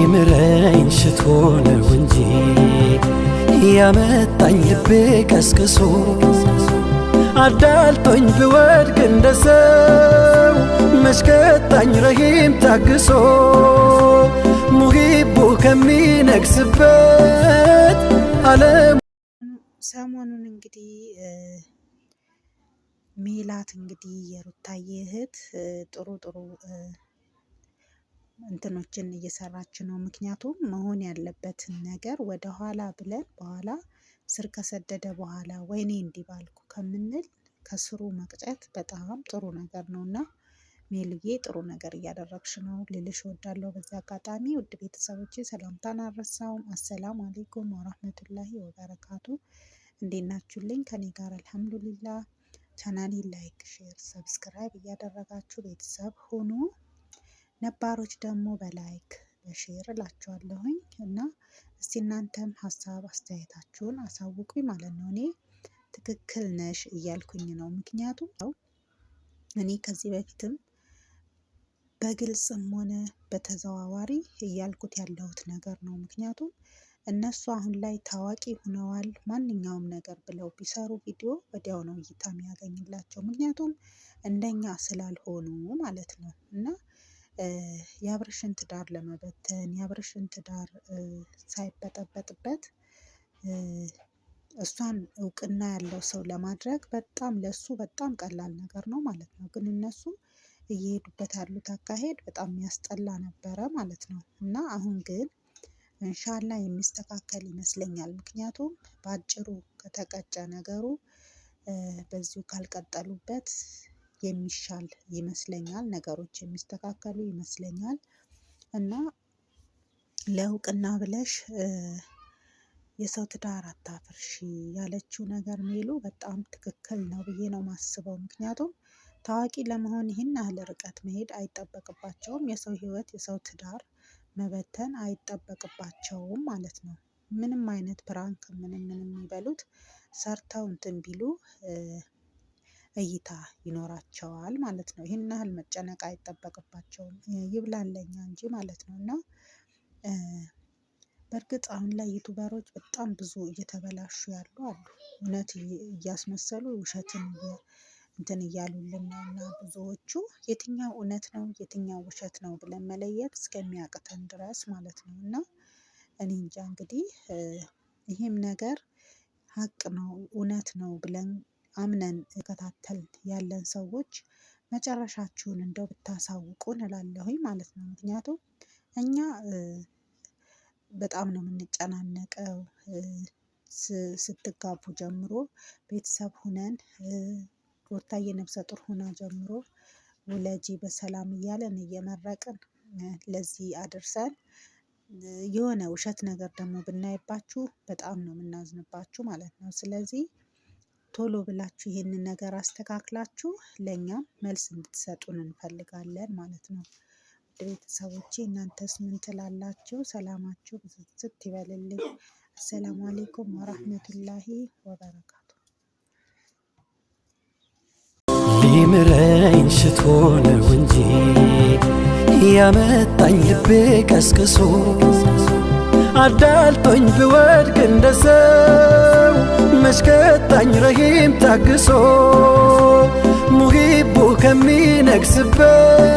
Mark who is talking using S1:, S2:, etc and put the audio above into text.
S1: ሊምረኝ ሽቶ ነው እንጂ ያመጣኝ ልቤ ቀስቅሶ አዳልጦኝ ብወድቅ እንደ ሰው መሽከጣኝ ረሂም ታግሶ ሙሂቡ ከሚነግስበት ዓለም
S2: ሰሞኑን እንግዲህ ሜላት እንግዲህ የሩታዬ እህት ጥሩ ጥሩ እንትኖችን እየሰራች ነው። ምክንያቱም መሆን ያለበትን ነገር ወደኋላ ብለን በኋላ ስር ከሰደደ በኋላ ወይኔ እንዲባልኩ ከምንል ከስሩ መቅጨት በጣም ጥሩ ነገር ነውና ሜልዬ ጥሩ ነገር እያደረግሽ ነው ልልሽ እወዳለሁ። በዚህ አጋጣሚ ውድ ቤተሰቦቼ ሰላምታን አረሳውም። አሰላሙ አሌይኩም ወራህመቱላሂ ወበረካቱ። እንዴት ናችሁልኝ? ከኔ ጋር አልሐምዱሊላ። ቻናሌን ላይክ፣ ሼር፣ ሰብስክራይብ እያደረጋችሁ ቤተሰብ ሁኑ። ነባሮች ደግሞ በላይክ በሼር እላችኋለሁኝ እና እስቲ እናንተም ሀሳብ አስተያየታችሁን አሳውቁኝ ማለት ነው። እኔ ትክክል ነሽ እያልኩኝ ነው። ምክንያቱም ያው እኔ ከዚህ በፊትም በግልጽም ሆነ በተዘዋዋሪ እያልኩት ያለሁት ነገር ነው። ምክንያቱም እነሱ አሁን ላይ ታዋቂ ሆነዋል። ማንኛውም ነገር ብለው ቢሰሩ ቪዲዮ ወዲያው ነው እይታ የሚያገኝላቸው። ምክንያቱም እንደኛ ስላልሆኑ ማለት ነው እና የአብርሽን ትዳር ለመበተን የአብርሽን ትዳር ሳይበጠበጥበት እሷን እውቅና ያለው ሰው ለማድረግ በጣም ለሱ በጣም ቀላል ነገር ነው ማለት ነው። ግን እነሱ እየሄዱበት ያሉት አካሄድ በጣም ያስጠላ ነበረ ማለት ነው። እና አሁን ግን እንሻላ የሚስተካከል ይመስለኛል። ምክንያቱም በአጭሩ ከተቀጨ ነገሩ በዚሁ ካልቀጠሉበት የሚሻል ይመስለኛል። ነገሮች የሚስተካከሉ ይመስለኛል። እና ለእውቅና ብለሽ የሰው ትዳር አታፍርሺ ያለችው ነገር ሜሉ በጣም ትክክል ነው ብዬ ነው ማስበው ምክንያቱም ታዋቂ ለመሆን ይህን ያህል ርቀት መሄድ አይጠበቅባቸውም። የሰው ህይወት የሰው ትዳር መበተን አይጠበቅባቸውም ማለት ነው። ምንም አይነት ፕራንክ ምንም ምንም የሚበሉት ሰርተው እንትን ቢሉ እይታ ይኖራቸዋል ማለት ነው። ይህን ያህል መጨነቅ አይጠበቅባቸውም ይብላኝ እንጂ ማለት ነው። እና በእርግጥ አሁን ላይ ዩቱበሮች በጣም ብዙ እየተበላሹ ያሉ አሉ እውነት እያስመሰሉ ውሸትን እንትን እያሉልን ነው እና ብዙዎቹ የትኛው እውነት ነው የትኛው ውሸት ነው ብለን መለየት እስከሚያቅተን ድረስ ማለት ነው። እና እኔ እንጃ እንግዲህ ይህም ነገር ሀቅ ነው እውነት ነው ብለን አምነን እከታተል ያለን ሰዎች መጨረሻችሁን እንደው ብታሳውቁን እላለሁኝ ማለት ነው። ምክንያቱም እኛ በጣም ነው የምንጨናነቀው። ስትጋቡ ጀምሮ ቤተሰብ ሁነን ሩታዬ ነፍሰ ጡር ሁና ጀምሮ ውለጂ በሰላም እያለን እየመረቅን ለዚህ አድርሰን የሆነ ውሸት ነገር ደግሞ ብናይባችሁ በጣም ነው የምናዝንባችሁ ማለት ነው። ስለዚህ ቶሎ ብላችሁ ይህንን ነገር አስተካክላችሁ ለእኛም መልስ እንድትሰጡን እንፈልጋለን ማለት ነው። ውድ ቤተሰቦቼ እናንተስ ምን ትላላችሁ? ሰላማችሁ ብዝት ይበልልኝ። አሰላሙ አሌይኩም ወራህመቱላሂ ወበረካቱ።
S1: ሊምረኝ ሽቶ ነው እንጂ ያመጣኝ ልቤ ቀስቅሶ አዳልጦኝ ብወድቅ እንደሰው አዛኝ ረሂም ታግሶ ሙሂቡ ከሚነግስበት